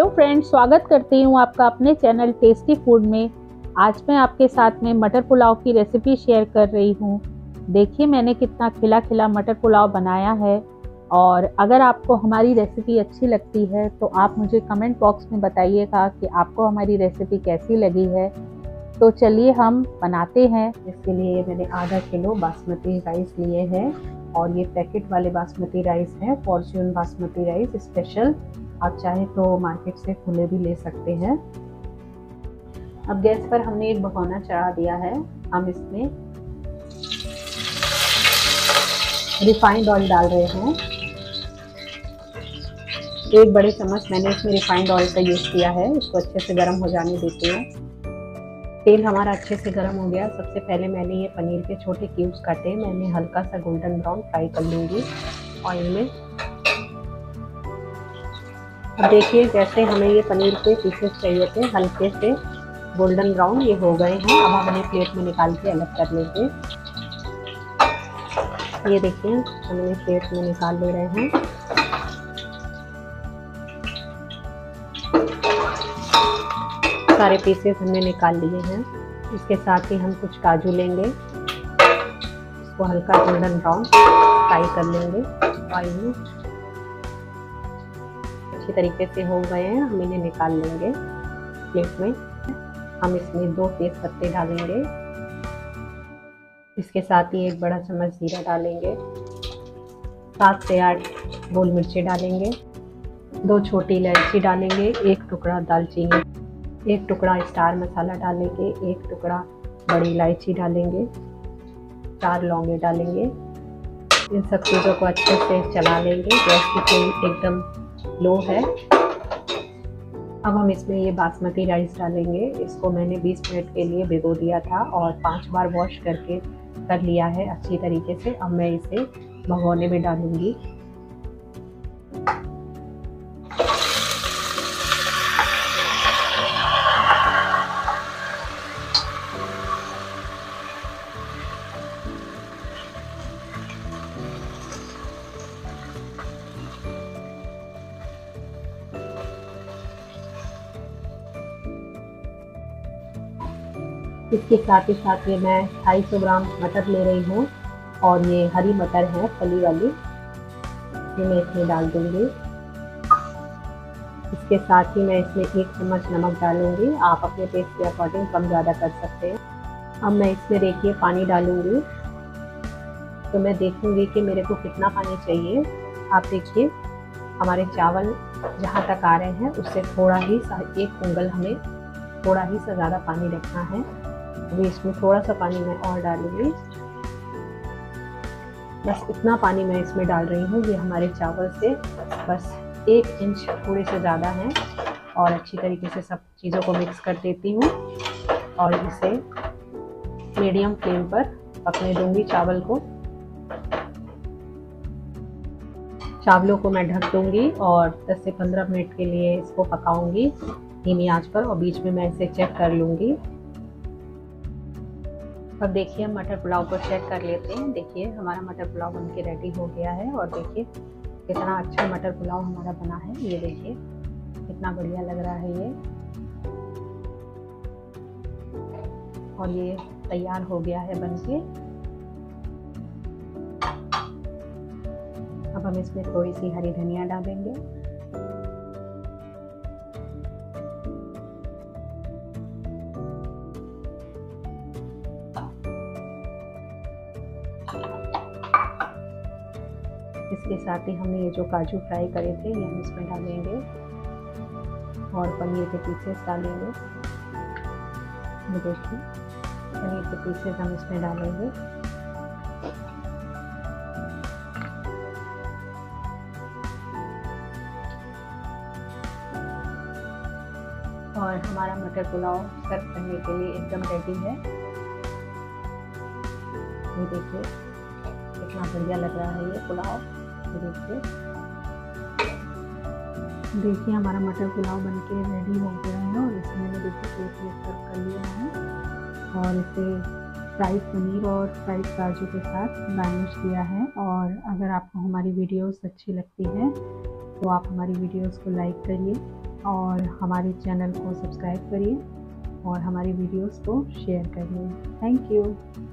hello friends स्वागत करती हूँ आपका अपने चैनल टेस्टी फूड में आज मैं आपके साथ में मटर पुलाव की रेसिपी शेयर कर रही हूँ देखिए मैंने कितना खिला खिला मटर पुलाव बनाया है और अगर आपको हमारी रेसिपी अच्छी लगती है तो आप मुझे कमेंट बॉक्स में बताइएगा कि आपको हमारी रेसिपी कैसी लगी है तो चलिए हम बनाते हैं इसके लिए मैंने आधा किलो बासमती राइस लिए हैं और ये पैकेट वाले बासमती राइस है फॉर्च्यून बासमती राइस स्पेशल आप चाहे तो मार्केट से खुले भी ले सकते हैं अब गैस पर हमने एक भगोना चढ़ा दिया है हम इसमें रिफाइंड ऑयल डाल रहे हैं एक बड़े चम्मच मैंने इसमें रिफाइंड ऑयल का यूज़ किया है इसको अच्छे से गर्म हो जाने देते हैं तेल हमारा अच्छे से गर्म हो गया सबसे पहले मैंने ये पनीर के छोटे क्यूब्स काटे मैंने हल्का सा गोल्डन ब्राउन फ्राई कर लूँगी ऑयल में अब देखिए जैसे हमें ये पनीर के पीसेस चाहिए थे हल्के से गोल्डन ब्राउन ये हो गए हैं अब हम इन्हें प्लेट में निकाल के अलग कर लेंगे ये देखिए हम इन्हें प्लेट में निकाल ले रहे हैं सारे पीसेस हमने निकाल लिए हैं इसके साथ ही हम कुछ काजू लेंगे इसको हल्का गोल्डन ब्राउन फ्राई कर लेंगे ऑयल में अच्छी तरीके से हो गए हैं हम इन्हें निकाल लेंगे प्लेट में हम इसमें दो तेज पत्ते डालेंगे इसके साथ ही एक बड़ा चम्मच जीरा डालेंगे सात से आठ गोल मिर्ची डालेंगे दो छोटी इलायची डालेंगे एक टुकड़ा दालचीनी एक टुकड़ा स्टार मसाला डालेंगे एक टुकड़ा बड़ी इलायची डालेंगे चार लौंगे डालेंगे इन सब चीज़ों को अच्छे से चला लेंगे गैस की फ्लेम एकदम लो है अब हम इसमें ये बासमती राइस डालेंगे इसको मैंने 20 मिनट के लिए भिगो दिया था और पांच बार वॉश करके कर लिया है अच्छी तरीके से अब मैं इसे भगोने में डालूंगी इसके साथ ही साथ ये मैं 250 ग्राम मटर ले रही हूँ और ये हरी मटर है फली वाली ये मैं इसमें डाल दूँगी इसके साथ ही मैं इसमें एक चम्मच नमक डालूँगी आप अपने टेस्ट के अकॉर्डिंग कम ज़्यादा कर सकते हैं अब मैं इसमें देखिए पानी डालूँगी तो मैं देखूँगी कि मेरे को कितना पानी चाहिए आप देखिए हमारे चावल जहाँ तक आ रहे हैं उससे थोड़ा ही एक उंगल हमें थोड़ा ही सा ज़्यादा पानी रखना है अभी इसमें थोड़ा सा पानी मैं और डालूंगी बस इतना पानी मैं इसमें डाल रही हूँ ये हमारे चावल से बस एक इंच थोड़े से ज़्यादा है और अच्छी तरीके से सब चीज़ों को मिक्स कर देती हूँ और इसे मीडियम फ्लेम पर पकने दूंगी चावल को चावलों को मैं ढक दूंगी और 10 से 15 मिनट के लिए इसको पकाऊंगी धीमी आंच पर और बीच में मैं इसे चेक कर लूँगी अब देखिए हम मटर पुलाव को चेक कर लेते हैं देखिए हमारा मटर पुलाव बन के रेडी हो गया है और देखिए कितना अच्छा मटर पुलाव हमारा बना है ये देखिए कितना बढ़िया लग रहा है ये और ये तैयार हो गया है बन के अब हम इसमें थोड़ी सी हरी धनिया डालेंगे इसके साथ ही हमने ये जो काजू फ्राई करे थे ये हम इसमें डालेंगे और पनीर के पीसेस डालेंगे देखिए पनीर के पीसेस हम इसमें डालेंगे और हमारा मटर पुलाव सर्व करने के लिए एकदम रेडी है ये देखिए कितना बढ़िया लग रहा है ये पुलाव धीरे धीरे देखिए हमारा मटर पुलाव बन के रेडी हो गया है और इसमें मैंने देखिए प्लेट में सर्व कर लिया है और इसे फ्राइड पनीर और फ्राइड काजू के साथ गार्निश किया है और अगर आपको हमारी वीडियोस अच्छी लगती हैं तो आप हमारी वीडियोस को लाइक करिए और हमारे चैनल को सब्सक्राइब करिए और हमारी वीडियोस को शेयर करिए थैंक यू